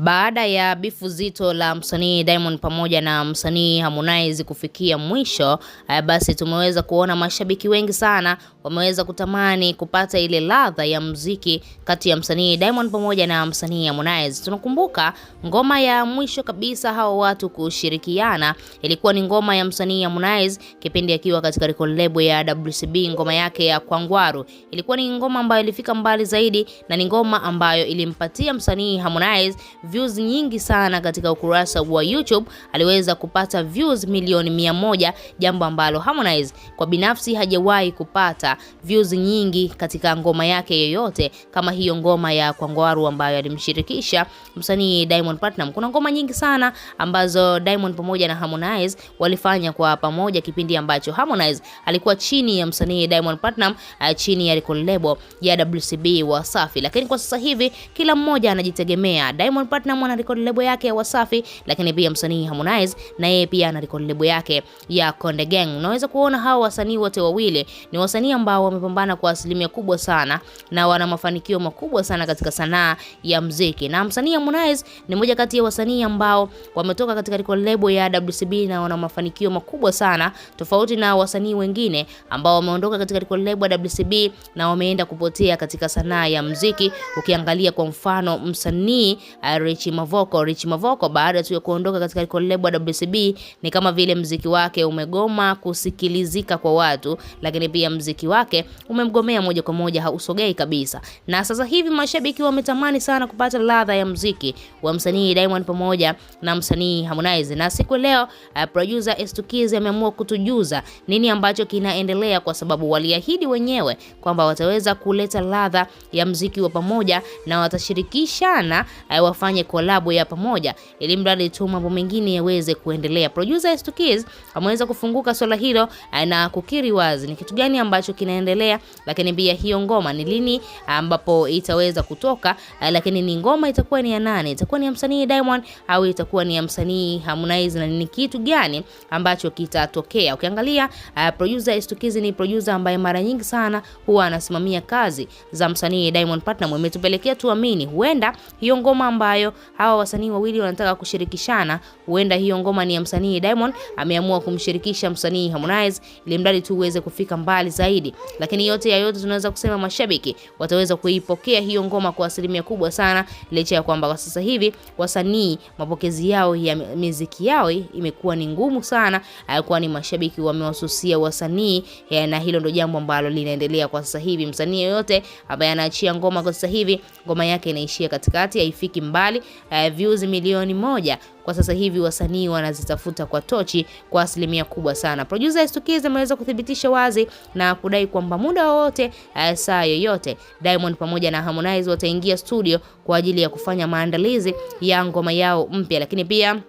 Baada ya bifu zito la msanii Diamond pamoja na msanii Harmonize kufikia mwisho, basi tumeweza kuona mashabiki wengi sana wameweza kutamani kupata ile ladha ya mziki kati ya msanii Diamond pamoja na msanii Harmonize. Tunakumbuka ngoma ya mwisho kabisa hao watu kushirikiana ilikuwa ni ngoma ya msanii Harmonize kipindi akiwa katika record label ya WCB, ngoma yake ya Kwangwaru. Ilikuwa ni ngoma ambayo ilifika mbali zaidi na ni ngoma ambayo ilimpatia msanii Harmonize views nyingi sana katika ukurasa wa YouTube, aliweza kupata views milioni mia moja, jambo ambalo Harmonize kwa binafsi hajawahi kupata views nyingi katika ngoma yake yoyote kama hiyo ngoma ya Kwangwaru ambayo alimshirikisha msanii Diamond Platnumz. Kuna ngoma nyingi sana ambazo Diamond pamoja na Harmonize walifanya kwa pamoja kipindi ambacho Harmonize alikuwa chini ya msanii Diamond Platnumz, eh, chini ya record label ya WCB Wasafi, lakini kwa sasa hivi kila mmoja anajitegemea Diamond Platinum ana record label yake ya Wasafi, lakini pia msanii Harmonize na yeye pia ana record label yake ya Konde Gang. Unaweza kuona hawa wasanii wote wawili ni wasanii ambao wamepambana kwa asilimia kubwa sana na wana mafanikio makubwa sana katika sanaa ya mziki, na msanii Harmonize ni moja kati ya wasanii ambao wametoka katika record label ya WCB na wana mafanikio makubwa sana tofauti na wasanii wengine ambao wameondoka katika record label ya WCB na wameenda kupotea katika sanaa ya mziki. Ukiangalia kwa mfano msanii eh, Rich Mavoko. Rich Mavoko baada tu ya kuondoka katika record label ya WCB, ni kama vile mziki wake umegoma kusikilizika kwa watu, lakini pia mziki wake umemgomea moja kwa moja, hausogei kabisa. Na sasa hivi mashabiki wametamani sana kupata ladha ya mziki wa msanii Diamond pamoja na msanii Harmonize, na siku leo uh, producer Estukiz ameamua kutujuza nini ambacho kinaendelea, kwa sababu waliahidi wenyewe kwamba wataweza kuleta ladha ya mziki wa pamoja na watashirikishana uh, wafanye kolabo ya pamoja, ili mradi tu mambo mengine yaweze kuendelea. Producer East Kids ameweza kufunguka swala hilo eh, na kukiri wazi ni kitu gani ambacho kinaendelea, lakini pia hiyo ngoma ni lini ambapo itaweza kutoka, eh, lakini ni ngoma itakuwa ni ya nani? Itakuwa ni ya msanii Diamond au itakuwa ni ya msanii Harmonize, na ni kitu gani ambacho kitatokea? Ukiangalia uh, producer East Kids ni producer ambaye mara nyingi sana huwa anasimamia kazi za msanii Diamond Platnumz, imetupelekea tuamini huenda hiyo ngoma ambayo ambayo hawa wasanii wawili wanataka kushirikishana. Huenda hiyo ngoma ni ya msanii Diamond ameamua kumshirikisha msanii Harmonize ili mradi tu uweze kufika mbali zaidi, lakini yote ya yote tunaweza kusema mashabiki wataweza kuipokea hiyo ngoma kwa asilimia kubwa sana, licha ya kwamba kwa sasa hivi wasanii mapokezi yao ya miziki yao imekuwa ni ngumu sana, eh, kwani mashabiki wamewasusia wasanii, eh, na hilo ndo jambo ambalo linaendelea kwa sasa hivi. Msanii yoyote ambaye anaachia ngoma kwa sasa hivi, ngoma yake inaishia katikati, haifiki mbali mbalimbali uh, views milioni moja kwa sasa hivi wasanii wanazitafuta kwa tochi kwa asilimia kubwa sana. Producer Stukiz ameweza kuthibitisha wazi na kudai kwamba muda wowote, eh, saa yoyote, Diamond pamoja na Harmonize wataingia studio kwa ajili ya kufanya maandalizi ya ngoma yao mpya, lakini pia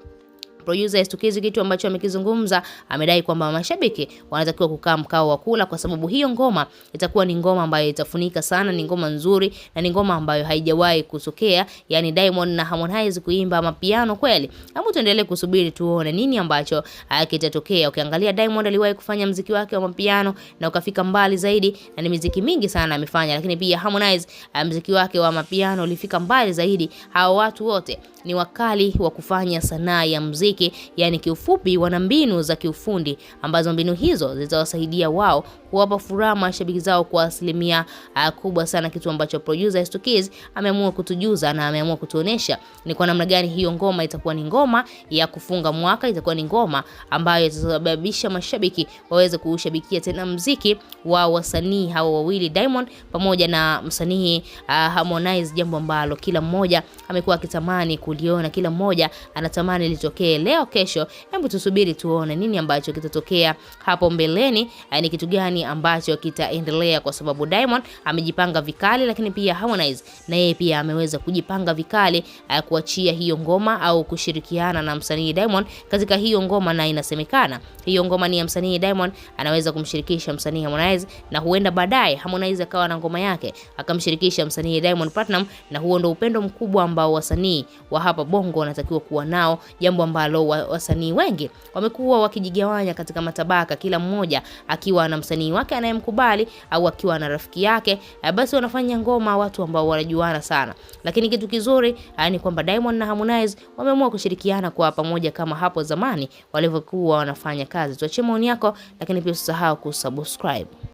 Producer Stukizi kitu ambacho amekizungumza, amedai kwamba mashabiki wanatakiwa kukaa mkao wa kula, kwa sababu hiyo ngoma itakuwa ni ngoma ambayo itafunika sana, ni ngoma nzuri na ni ngoma ambayo haijawahi kutokea, yani Diamond na Harmonize kuimba mapiano kweli. Hebu tuendelee kusubiri tuone nini ambacho ah, kitatokea. Ukiangalia Diamond aliwahi kufanya mziki wake wa mapiano na ukafika mbali zaidi, na ni miziki mingi sana amefanya, lakini pia Harmonize ah, mziki wake wa mapiano ulifika mbali zaidi. Hawa watu wote ni wakali wa kufanya sanaa ya mziki muziki, yani kiufupi, wana mbinu za kiufundi ambazo mbinu hizo zitawasaidia wao kuwapa furaha mashabiki zao kwa asilimia uh, kubwa sana, kitu ambacho producer Esto ameamua kutujuza na ameamua kutuonesha ni kwa namna gani hiyo ngoma itakuwa ni ngoma ya kufunga mwaka, itakuwa ni ngoma ambayo itasababisha mashabiki waweze kuushabikia tena mziki wa wasanii hawa wawili Diamond pamoja na msanii uh, Harmonize, jambo ambalo kila mmoja amekuwa akitamani kuliona, kila mmoja anatamani litokee leo kesho. Hebu tusubiri tuone nini ambacho kitatokea hapo mbeleni, eh, ni kitu gani ambacho kitaendelea, kwa sababu Diamond amejipanga vikali, lakini pia Harmonize na yeye pia ameweza kujipanga vikali eh, kuachia hiyo ngoma au kushirikiana na msanii Diamond katika hiyo ngoma, na inasemekana hiyo ngoma ni ya msanii Diamond, anaweza kumshirikisha msanii Harmonize na huenda baadaye Harmonize akawa na ngoma yake akamshirikisha msanii Diamond Platinum, na huo ndo upendo mkubwa ambao wasanii wa hapa Bongo wanatakiwa kuwa nao, jambo ambalo ambalo wasanii wengi wamekuwa wakijigawanya katika matabaka, kila mmoja akiwa na msanii wake anayemkubali au akiwa na rafiki yake, eh, basi wanafanya ngoma watu ambao wanajuana sana. Lakini kitu kizuri eh, ni kwamba Diamond na Harmonize wameamua kushirikiana kwa pamoja kama hapo zamani walivyokuwa wanafanya kazi. Tuachie maoni yako, lakini pia usisahau kusubscribe.